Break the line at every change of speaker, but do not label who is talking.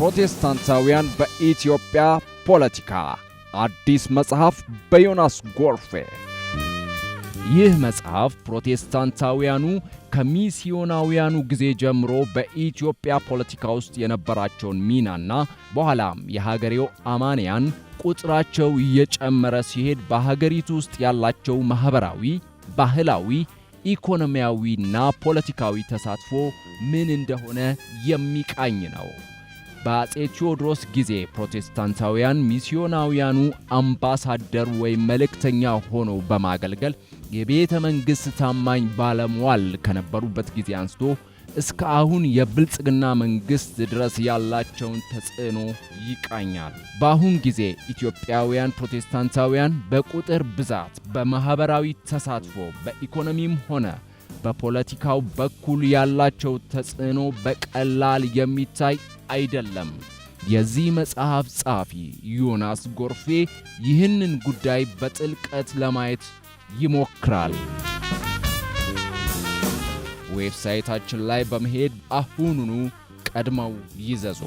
ፕሮቴስታንታውያን በኢትዮጵያ ፖለቲካ አዲስ መጽሐፍ በዮናስ ጎርፌ። ይህ መጽሐፍ ፕሮቴስታንታውያኑ ከሚስዮናውያኑ ጊዜ ጀምሮ በኢትዮጵያ ፖለቲካ ውስጥ የነበራቸውን ሚናና በኋላም የሀገሬው አማንያን ቁጥራቸው እየጨመረ ሲሄድ በሀገሪቱ ውስጥ ያላቸው ማኅበራዊ፣ ባህላዊ ኢኮኖሚያዊና ፖለቲካዊ ተሳትፎ ምን እንደሆነ የሚቃኝ ነው። በአጼ ቴዎድሮስ ጊዜ ፕሮቴስታንታውያን ሚስዮናውያኑ አምባሳደር ወይም መልእክተኛ ሆኖ በማገልገል የቤተ መንግሥት ታማኝ ባለሟል ከነበሩበት ጊዜ አንስቶ እስከ አሁን የብልጽግና መንግሥት ድረስ ያላቸውን ተጽዕኖ ይቃኛል። በአሁን ጊዜ ኢትዮጵያውያን ፕሮቴስታንታውያን በቁጥር ብዛት፣ በማኅበራዊ ተሳትፎ፣ በኢኮኖሚም ሆነ በፖለቲካው በኩል ያላቸው ተጽዕኖ በቀላል የሚታይ አይደለም። የዚህ መጽሐፍ ጸሐፊ ዮናስ ጎርፌ ይህንን ጉዳይ በጥልቀት ለማየት ይሞክራል። ዌብሳይታችን ላይ በመሄድ አሁኑኑ ቀድመው ይዘዙ።